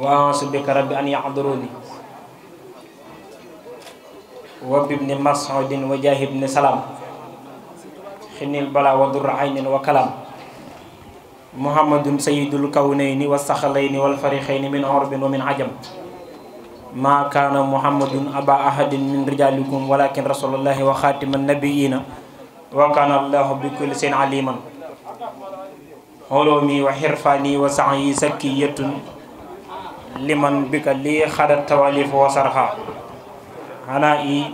wa a'uuzu bika rabbi an yahduruuni wa bibni mas'udin wa jaahibni salaam xinil bala wa dur aynin wa kalam muhammadun sayyidul kawnayni wa saxalayni wal fariqayni min urbin wa min ajam ma kaana muhammadun aba ahadin min rijaalikum walakin rasulullahi wa xaatiman nabiyina wa kaana allahu bi kulli shay'in aliman xoloomi wa xirfaani wa sa'i sakkiyatun liman bika lii xadat tawalif wa sarxa xanaa i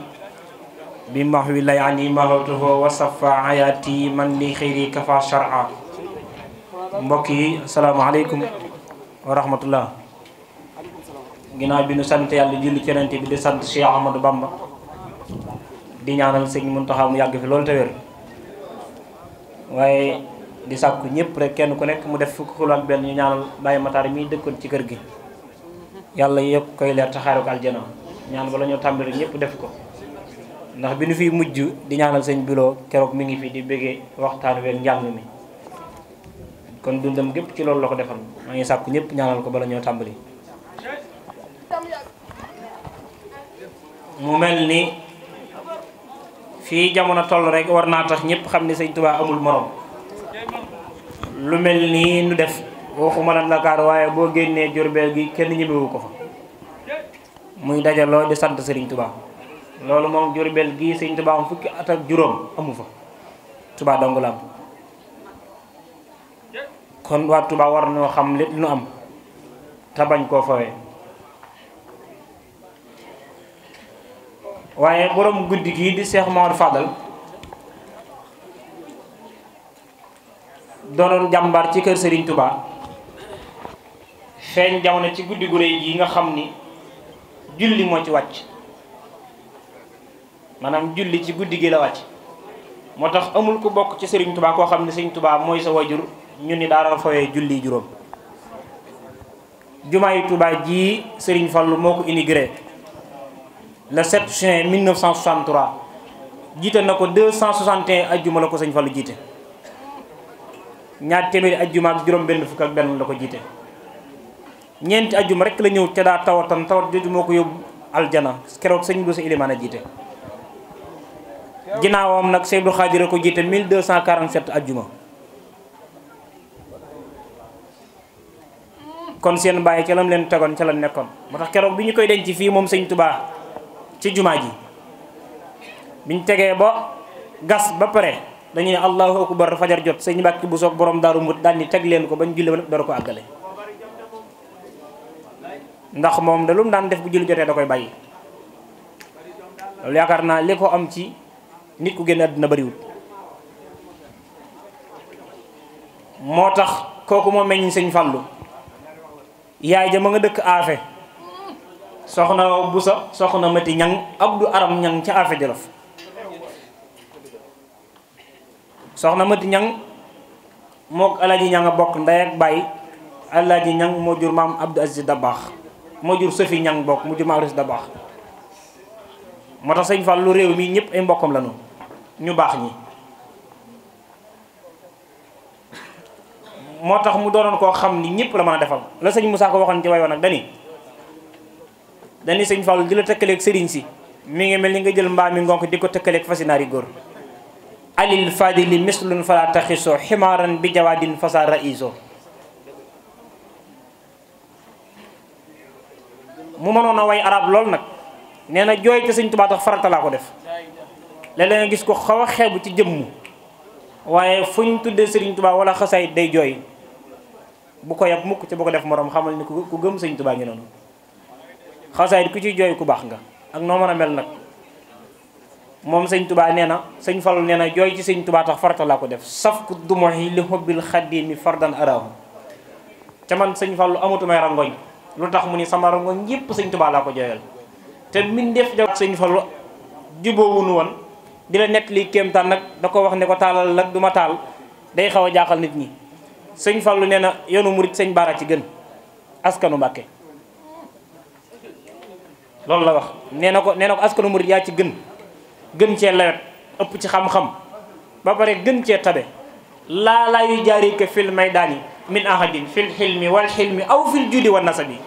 bi max wi lay ani maxatuhu wa safa ayaati man li xëyri kafa shar'a mbokk yi asalaamaaleykum wa rahmatullah ginnaaw bi nu sant yàlla julli ci bi di sant Cheikh Ahmadou Bamba di ñaanal sëñ Muntaxa mu yàgg fi loolu te wér waaye di sàkku ñëpp rek kenn ku nekk mu def fukk ak benn ñu ñaanal Baye Matar mi dëkkoon ci kër gi yàlla yëpp koy leer taxaaru ko aljana ñaan bala ñoo tàmbali ñëpp def ko ndax bi nu fiy mujj di ñaanal sëñ Biloo keroog mi ngi fi di bëggee waxtaan week njàng mi kon dundam gépp ci loolu la ko defal maa ngi sàkku ñëpp ñaanal ko bala ñoo tàmbali mu mel ni fii jamono toll rekk war naa tax ñépp xam ne sëñ Tuubaa amul morom lu mel nii nu def waxuma la Dakar waaye boo génnee Jurbel gi kenn ñemewu ko fa muy dajaloo di sant Serigne Touba loolu moom Jurbel gi Serigne Touba am fukki at ak juróom amu fa tubaa dong la am kon xam lépp nu am te bañ koo fawee waaye borom guddi gii di Cheikh Mawar Fadal doonoon jàmbaar ci kër Serigne Touba feeñ jamono ci guddi gu réy nga xam ni julli moo ci wàcc maanaam julli ci guddi gi wàcc moo tax amul ku bokk ci sëriñ Touba koo xam ne Serigne tubaab mooy sa wajur ñu ni daara fawee julli juróom jumaa yu Touba ji sëriñ Fallou moo ko inauguré la 7 juin 1963 jiite na ko 261 ajjuma la ko Serigne Fallou jiite ñaar téeméeri ajjuma ak juróom benn fukk ak benn la ko jiite ñeenti ajjuma rek la ñëw te daa tawatan tawat jooju moo ko yóbbu aljana keroog sëñ bu sa ilimaan a jiite ginnaawam nag Seydou Khadir ko jiite 1247 ajjuma kon seen bàyyi ca lam leen tegoon ca la nekkoon moo tax keroog bi ñu koy denc fii moom sañ Tubaa ci jumaa ji bi ñu tegee ba gas ba pare dañu ne allahu akbar fajar jot sëñ Mbàkke bu soog borom daaru mut daal ni teg leen ko bañ julli ba lépp dara ko àggale ndax moom da lu daan def bu julli jotee da koy bàyyi loolu yaakaar naa li ko am ci nit ku génn àdduna bariwut moo tax kooku moo meññ sëñ Fallu yaay ja ma nga dëkk aafe soxna bu sa soxna mati ñang Abdu Aram ñang ca aafe Jolof soxna mati ñang mook alaaji ñang bokk ndey ak baay alaaji ñang moo jur maam Abdu Aziz baax moo jur Sophie Niang bokk mu jur Maurice Dabakh moo tax sëñ Fall lu réew mii ñëpp ay mbokkam lañu ñu baax ñi moo tax mu doonoon koo xam ni ñëpp la mën a defal la sëñ musaa ko waxoon ci wayoon nag dani dani sëñ Fall di la tëkkaleeg sëriñ si mi ngi mel ni nga jël mbaam mi ngonk di ko tëkkaleeg fasinaari góor alil fadili mislun fala taxiso ximaaran bi jawaadin fasa raiso mu mënoon a way araab lool nag nee na jooy te sëñ Tuubaa farata laa ko def léeg-léeg gis ko xaw a xeebu ci jëmm waaye fu tuddee sëriñ Tuubaa wala xasaay day jooy bu ko yab mukk ci bu def moroom xamal ni ku gëm sëñ Tuubaa ngi noonu xasaay ku ciy jooy ku baax nga ak noo mën a mel nag moom sëñ Tuubaa nee na sëñ Fallu nee na jooy ci sëñ Tuubaa tax farata laa ko def saf ku dumoxi li xobbil xaddiimi fardan araahu ca man sëñ Fallu amatumay rangoñ lu tax mu ni sama rongoñ yépp sëñ Tuubaa laa ko jooyal te mbindeef ja sëñ Fallu jubóowuñu woon di la nett lii kéemtaan nag da ko wax ne ko taalal nag du ma taal day xaw a jaaxal nit ñi sëñ lu nee na yoonu murit sëñ Baara ci gën askanu Mbàkke loolu wax nee na ko nee askanu murit yaa ci gën gën cee lewet ëpp ci xam-xam ba pare gën cee tabe laa laa yu jaari ke fil may daan min ahadin fil xilmi wal xilmi aw fil judi wa nasabi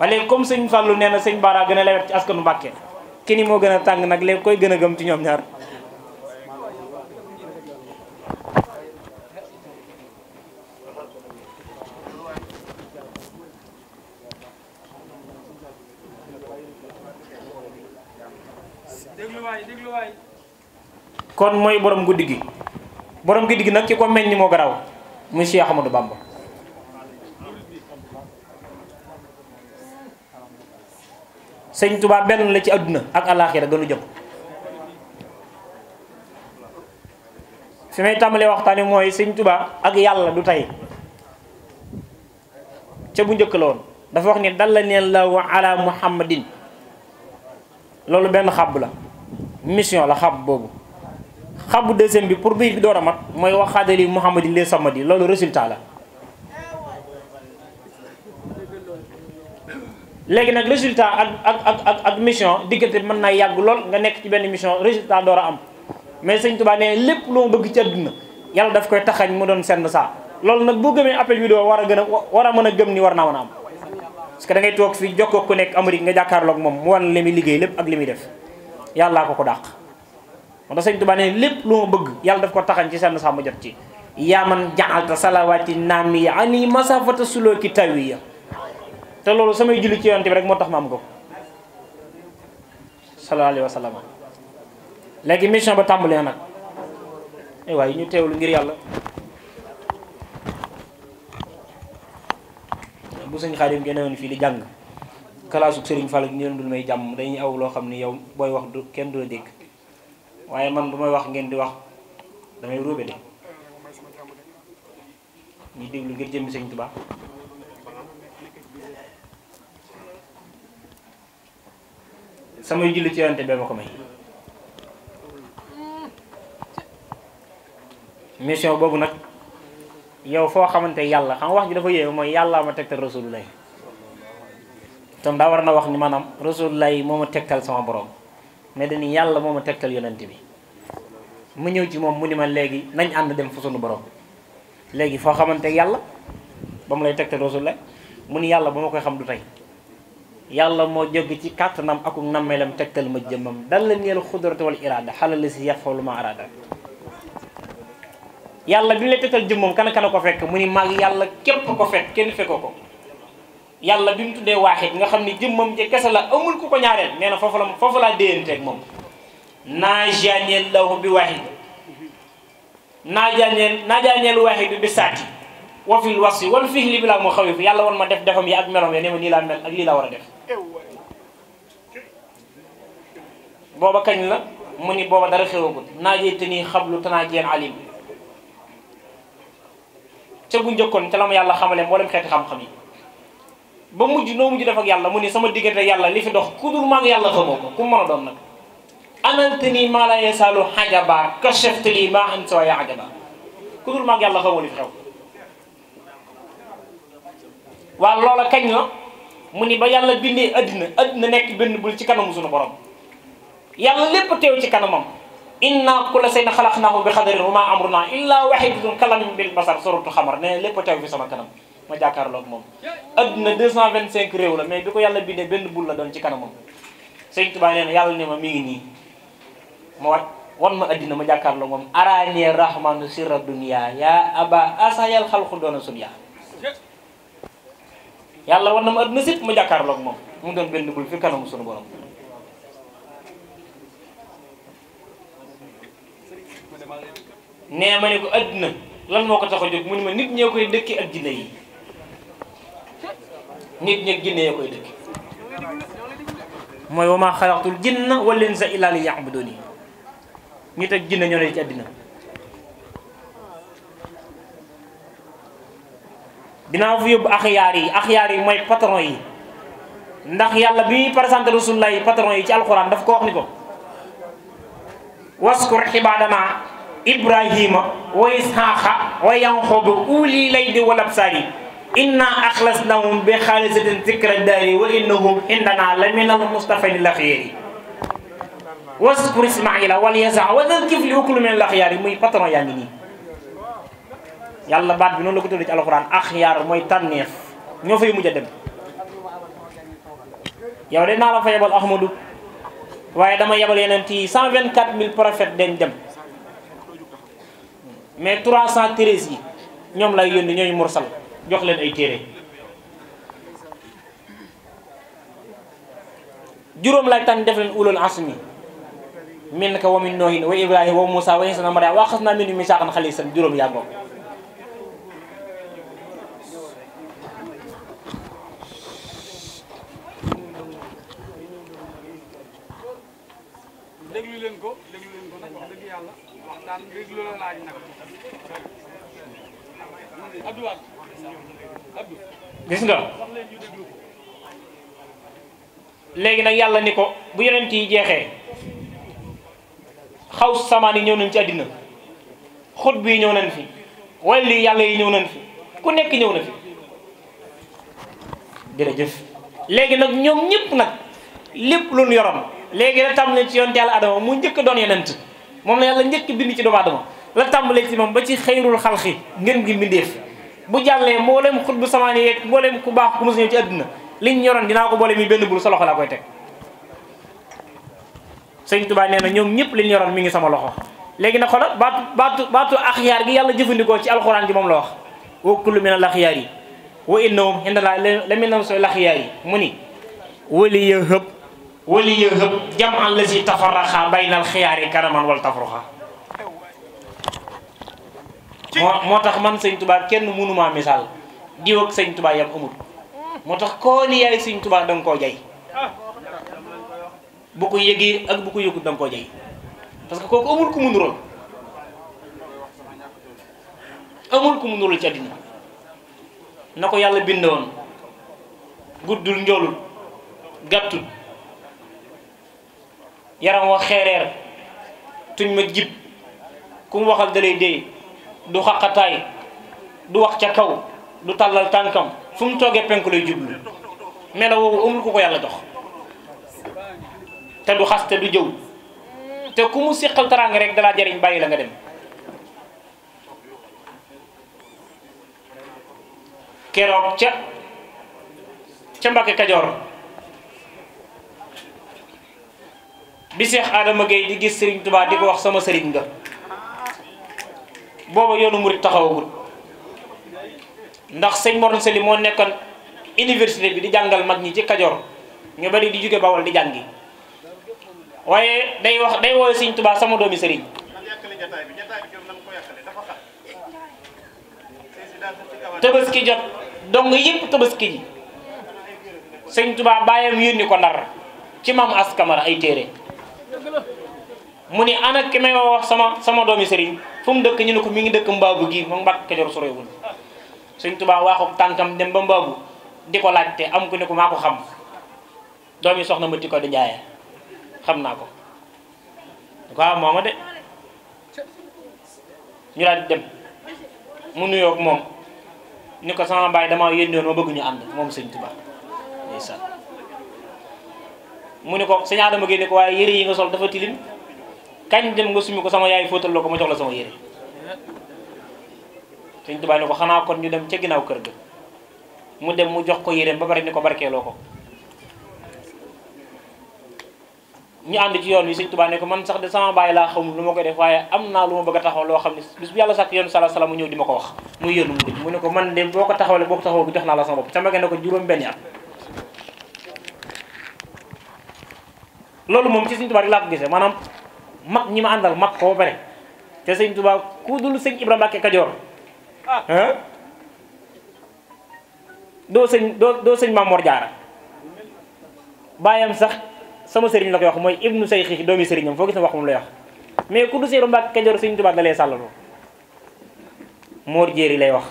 waaye léegi comme sëñ Fallou nee na sëñ Bara gën a lewet ci askanu Mbàkke ki ni moo gën a tàng nag léegi koy gën a gëm ci ñoom ñaar kon mooy borom guddi gi borom gi gi nag ci comme ni moo garaw muy Cheikh Ahmadou Bamba sëñ Touba benn la ci àdduna ak àllaaxira gënu jëm fi may tàmbalee waxtaan wi mooy sëñ Touba ak yàlla du tey ca bu njëkk la woon dafa wax ni dalla neen la wa muhammadin loolu benn xàbb la mission la xàbb boobu xabu deuxième bi pour biir bi door a mat mooy wax xaadali Muhammad li samadi loolu résultat la. léegi nag résultat ak ak ak ak ak mission diggante bi mën naa yàgg lool nga nekk ci benn mission résultat door a am mais sëñ Tuubaa nee lépp lu ma bëgg ci àdduna yàlla daf koy taxañ mu doon senn saa loolu nag boo gëmee appel vidéo war a gën a war a mën a gëm ni war naa mën a am. parce que da toog fii jokkoo ku nekk Amérique nga jàkkaarlook moom mu wan li muy liggéey lépp ak li muy def yàllaa ko ko dàq. moo tax sëñ Tuubaa lépp lu ma bëgg yàlla daf ko taxañ ci seen sax mu jot ci yaa man jaxalta salawaati naami ani ki sulooki ya te loolu samay julli ci yonte bi rek moo tax ma am ko sallallahu alayhi wa sallam mission ba tàmbalee nag eh waaye ñu teewlu ngir yàlla bu sëñ Xaadim génnewoon fii di jàng kalaasu Sëriñ Fall ak ñu may jàmm dañuy aw loo xam ni yow booy wax du kenn du la dégg waaye man bu may wax ngeen di wax damay róobe de ñu déglu ngir jëmmi sëñ Tuubaa samay julli ci yonte bee ma ko may mission boobu nag yow foo xamante yàlla xam wax ji dafa yéeme mooy yàlla ma tegtal rasulullah tam daa war na wax ni maanaam rasulullah moo ma tegtal sama boroom ne dañuy yàlla moo ma tekkal yonent bi mu ñëw ci moom mu ni ma léegi nañ ànd dem fa sunu borom léegi foo xamante yàlla ba mu lay tegtal rasul la mu ni yàlla ba ma koy xam du tey yàlla moo jóg ci kàttanam ak nammeelam tegtal ma jëmmam dal la neel xudrata wal irada xala la si yafalu ma arada yàlla bi ñu lay tegtal jëmmam kan kana ko fekk mu ni maag yàlla képp ko fekk kenn fekkoo ko yàlla bi mu tuddee waaxit nga xam ne jëmmam ci kese la amul ku ko ñaareel nee na foofu la foofu laa déyanteeg moom naajaneel lahu bi waaxit naajaneel naajaneel waaxidu bi saati wa fil wasi wal fihli bi laa moo xaw yàlla woon ma def defam yi ak melom ya ne ma nii laa mel ak lii laa war a def booba kañ la mu ni booba dara xewagul naajee te nii xablu tanaajeen alim ca bu njëkkoon la ma yàlla xamale mboolem xeeti xam-xam yi ba mujj noo mujj def ak yàlla mu ni sama diggante yàlla li fi dox ku dul maag yàlla xamoo ko ku mën a doon nag anantani maa la yasaalu xajaba kashaftali maa an sawaya ajaba ku dul maag yàlla xamoo li xew waaw loola kañ la mu ni ba yàlla bindee addina addina nekk benn bul ci kanamu suñu borom yàlla lépp teew ci kanamam inna kulla shay'in xalaqnaahu bi xadarin wa maa amrunaa illaa waxidatun kalamin bil basar suratu xamar ne lépp teew sama kanam ma jàkkaarloog moom adduna deux cent vingt cinq réew la mais bi ko yàlla bindee benn bul la doon ci kanamam sëñ Tuubaa nee yàlla ne ma mi ngi nii ma wat wan ma addina ma jàkkaarloog moom araanie rahmanu sirra na ma adduna sépp moom mu doon benn bul fi kanamu sunu borom nee ma ne ko adduna lan moo ko tax a jóg mu ne ma nit ñoo koy dëkki ak yi nit ñi ginne ya koy dëkk mooy wa maa xalaqtul jinna wal insa illaa li ya'buduni nit ak jinne ñoo ne ci àddina dinaa fi yóbbu axyaar yi axyaar yi mooy patron yi ndax yàlla bi muy présenté rasulullah yi patron yi ci alxuraan daf ko wax ni ko waskur xibaadana ibrahima wa isxaaqa wa yanxoba uli lay di wal absaar yi inna axlasnahum bi xaalisatin zikra daari wa innahum indana la min al mustafani la xiyari waskur ismaila wal yasa wa dal kifli wa kullu min muy patron ya ngi nii yàlla baat bi noonu la ko tudd ci alxuraan axyaar mooy tànneef ñoo fay a dem yow de naa la fa yebal ahmadu waaye dama yebal yeneen ci 124000 prophètes dañ dem mais 313 yi ñoom lay yónni ñooy mursal jox leen ay téere juróom laaj tànn def leen ulul asmi min ka wa min noohin wa ibrahima wa moussa wa insa na maryam waa xas naa min mi saaxan xalisan juróom yàggoo léegi nag yàlla ni ko bu yonent yi jeexee xaw samaan yi ñëw nañ ci àddina xut bi ñëw nañ fi wàllu yàlla yi ñëw nañ fi ku nekk ñëw na fi jëf léegi nag ñoom ñëpp nag lépp lu ñu yoroon léegi la tàmbalee ci yonent yàlla adama mu njëkk doon yonent moom la yàlla njëkk bind ci doomu adama la tàmbalee fi moom ba ci xëyrul xalxi ngeen gi mbindeef bu jàllee mboolem xut bu samaan yeeg mboolem ku baax ku mos ñëw ci àddina liñ ñoroon dinaa ko boole mi benn bul sa loxo laa koy teg sëñ Tuubaa nee na ñoom ñëpp liñ ñoroon mi ngi sama loxo léegi na xoolal baatu baatu baatu axyaar gi yàlla jëfandikoo ci alxuraan ji moom la wax wa kullu min al axyaar yi wa innahum indana la min sooy laxiyaar yi mu ni wali ya hëb wali la si tafaraxa baynal xiyaari karaman wal tafruxa moo moo tax man sëñ Tuubaa kenn mënumaa misaal diw ak sëñ Tuubaa yam amul moo tax koo ni yaay sëñ Tuubaa koo jay bu ko yëgee ak bu ko yëgut da koo jay parce que kooku amul ku mu nuróol amul ku mu nuróol ci àddina na ko yàlla bindoon guddul njoolul gàttul yaram wa xeereer tuñ ma jib ku mu waxal dalay dee du xaqataay du wax ca kaw du tàllal tànkam fu mu toogee penku lay jublu melo woowu amul ku ko yàlla jox te du xas te du jëw te ku mu siqal taraanga rek dalaa jariñ bàyyi la nga dem keroog ca ca Mbàkke Kajoor bi Seex Adama Gueye di gis Sëriñ Tuubaa di ko wax sama sëriñ nga booba yoonu murit taxawagul ndax sëñ Mor Sali moo nekkoon université bi di jàngal mag ñi ci Kajoor ñu bari di jóge Bawol di jàngi waaye day wax day woowe sëñ Tuubaa sama doomi sëriñ tabaski jot dong yëpp tabaski ji sëñ Tuubaa bàyyam yónni ko Ndar ci maam askamara ay téere mu ni ana ki may wax sama sama doomi sëriñ fu mu dëkk ñu ne ko mu ngi dëkk mbaabu gi moom Mbàkke Kajoor sorewul sëñ Tuubaa waaxu tànkam dem ba mbaabu di ko laajte am ko ne ko maa ko xam doom yi soxna ma ti ko di jaayee xam naa ko waaw mooma de ñu daal di dem mu nuyoog moom ni ko sama baay dama yéndoon ma bëgg ñu ànd moom sëñ Tuubaa ndeysaan mu ne ko sëñ Adama Gueye ne ko waaye yére yi nga sol dafa tilim kañ dem nga sumi ko sama yaay fóotal loo ko ma jox la sama yére sëñ Tuubaa ne ko xanaa kon ñu dem ca ginnaaw kër ga mu dem mu jox ko yéreem ba pare ni ko barkeeloo ko ñu ànd ci yoon wi sëñ Tuubaa ne ko man sax de sama bàyyi laa xamul lu ma ko def waaye am naa lu ma bëgg a taxaw loo xam ne bis bu yàlla sàkk yoon sala sala mu ñëw di ma ko wax muy yéen mu mu ne ko man de boo ko taxaw taxawalee boo ko taxawoo jox naa la sama bopp sama gën ne ko juróom benn at loolu moom ci sëñ Tuubaa rek laa ko gisee maanaam mag ñi ma àndal mag ko ba sëñ Tuubaa ku dul sëñ Ibrahima Mbàkke Kajoor ah doo sëñ doo doo sëñ Maam Mor Jaara baayam sax sama sëriñ la koy wax mooy ibnu say xii doomi sëriñam foo gis na wax moom lay wax mais ku du seeru Mbàkke Kajoor sëñ Tuubaa la lay sàllaloo Mor Jéeri lay wax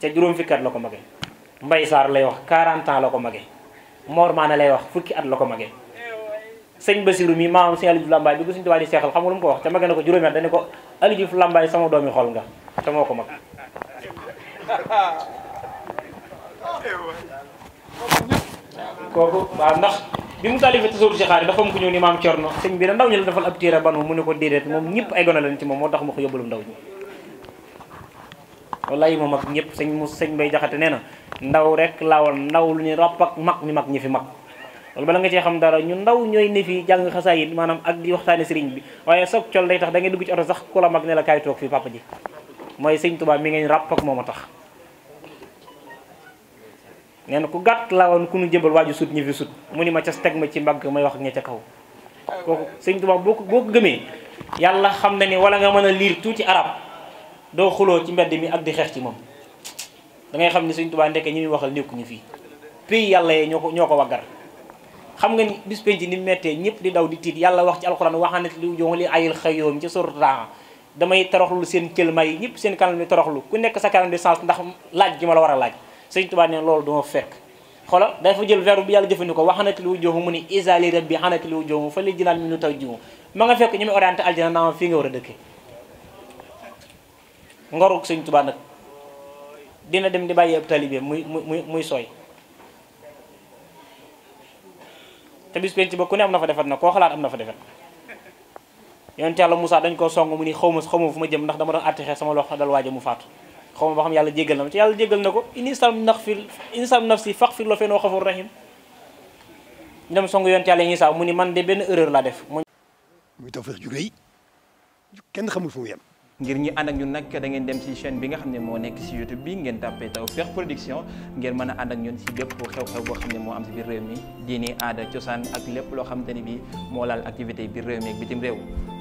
ca juróom fukki at la ko magee Mbay Saar lay wax 40 ans la ko magee Mor Maane lay wax fukki at la ko magee sëñ Basiru mi maam sëñ Aliou Diouf Lambaay bi ko sëñ Tuubaa seexal xam mu ko wax te magee na ko juróomi at dañu ko Aliou Diouf sama doomi xool nga te moo ko mag kooku ndax bi mu taalifee tasawur si xaar dafa am ku ñëw ni maam Thierno sëñ bi da ndaw ñi la defal ab téere banu mu ne ko déedéet moom ñëpp ay gone lañ ci moom moo tax ma ko yóbbalum ndaw ñi wallaay moom ak ñëpp sëñ mu sëñ bay jaxate nee na ndaw rek laawoon ndaw lu ñu ropp ak mag ñu mag ñi fi mag wala bala nga cee xam dara ñu ndaw ñooy ne fi jàng xasaayit maanaam ak di waxtaane sëriñ bi waaye soog col day tax da ngay dugg ci oto sax ku la mag ne la kaay toog fii papa ji mooy sëñ Tuubaa mi ngeen ràpp ak moom a tax nee ku gàtt la woon ku nu jëmbal waaju sut ñi fi sut mu ni ma ca teg ma ci mbagg may wax ak ña ca kaw kooku sëñ Tuubaa boo ko boo ko gëmee yàlla xam na ni wala nga mën a liir tuuti arab doo xuloo ci mbedd mi ak di xeex ci moom da ngay xam ni sëñ Tuubaa ndekke ñi muy waxal nekkuñu fii pays yàlla yee ñoo ko ñoo ko waggar xam nga ni bis penc ni mettee ñëpp di daw di tiit yàlla wax ci alxuraan waxaanat li jonga li ayil xëyoom damay toroxlu seen cëlma yi ñëpp seen kanam di toroxlu ku nekk sa kanam di sens ndax laaj gi ma la war a laaj sëñ Tuubaa neen loolu duma fekk xoolal dafa jël verbe bi yàlla jëfandikoo waxanati lu joomu mu ni isa li rabbi xanati lu joomu fa li jinaan mi nu taw jiwu ma nga fekk ñu muy orienté aljana naa fii nga war a dëkke ngoruk sëñ Tuubaa nag dina dem di bàyyi ab talibe muy muy sooy te bis penc ba ku ne am na fa defet na koo xalaat am na fa defet yonent yàlla Moussa dañ koo song mu ni xaw ma xaw ma fu ma jëm ndax dama doon àtti xeex sama loxo dal waaja mu faatu xaw ma ba xam yàlla jéggal na ma te yàlla jéggal ko in islam nax fi in islam naf si fax fir loo feen wa xafur rahim ñu dem song yonent mu ni man de benn erreur laa def muy tawfeex ju rëy kenn xamul fu mu yem ngir ñi ànd ak ñun nag da ngeen dem ci chaîne bi nga xam ne moo nekk si youtube bi ngeen tàppee Tawfekh Production ngeen mën a ànd ak ñun si bépp xew-xew boo xam ne moo am si biir réew mi diini aada cosaan ak lépp loo xamante ni bi moo laal activité biir réew mi ak bitim